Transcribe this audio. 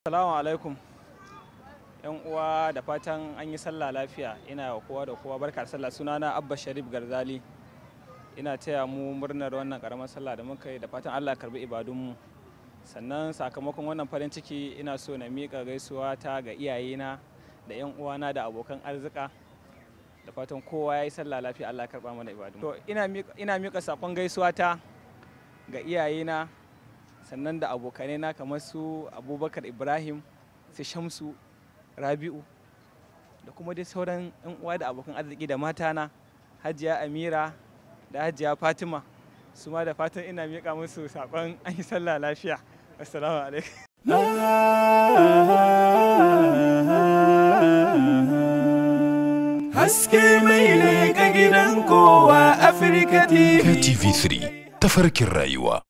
Assalamu alaikum. ‘Yan uwa da fatan an yi sallah lafiya ina wa kowa da kowa barka sallah sunana Abba Sharif Garzali. Ina taya mu murnar wannan karamar sallah da muka yi da fatan Allah karbi ibadunmu. Sannan sakamakon wannan farin ciki ina so na miƙa gaisuwa ta ga iyayena da ‘yan uwana da abokan arzika. Da fatan kowa ya yi sallah lafiya Allah karba mana ibadunmu. To ina miƙa sakon gaisuwa ta ga iyayena sannan da abokanai na kamar su abubakar ibrahim su shamsu rabi'u da kuma dai sauran yan uwa da abokan arziki da matana hajiya amira da hajiya fatima su ma da fatan ina miƙa musu saƙon an yi sallah lafiya assalamu alaikum haske mai ne ga gidan kowa afirka tv3 tafarkin rayuwa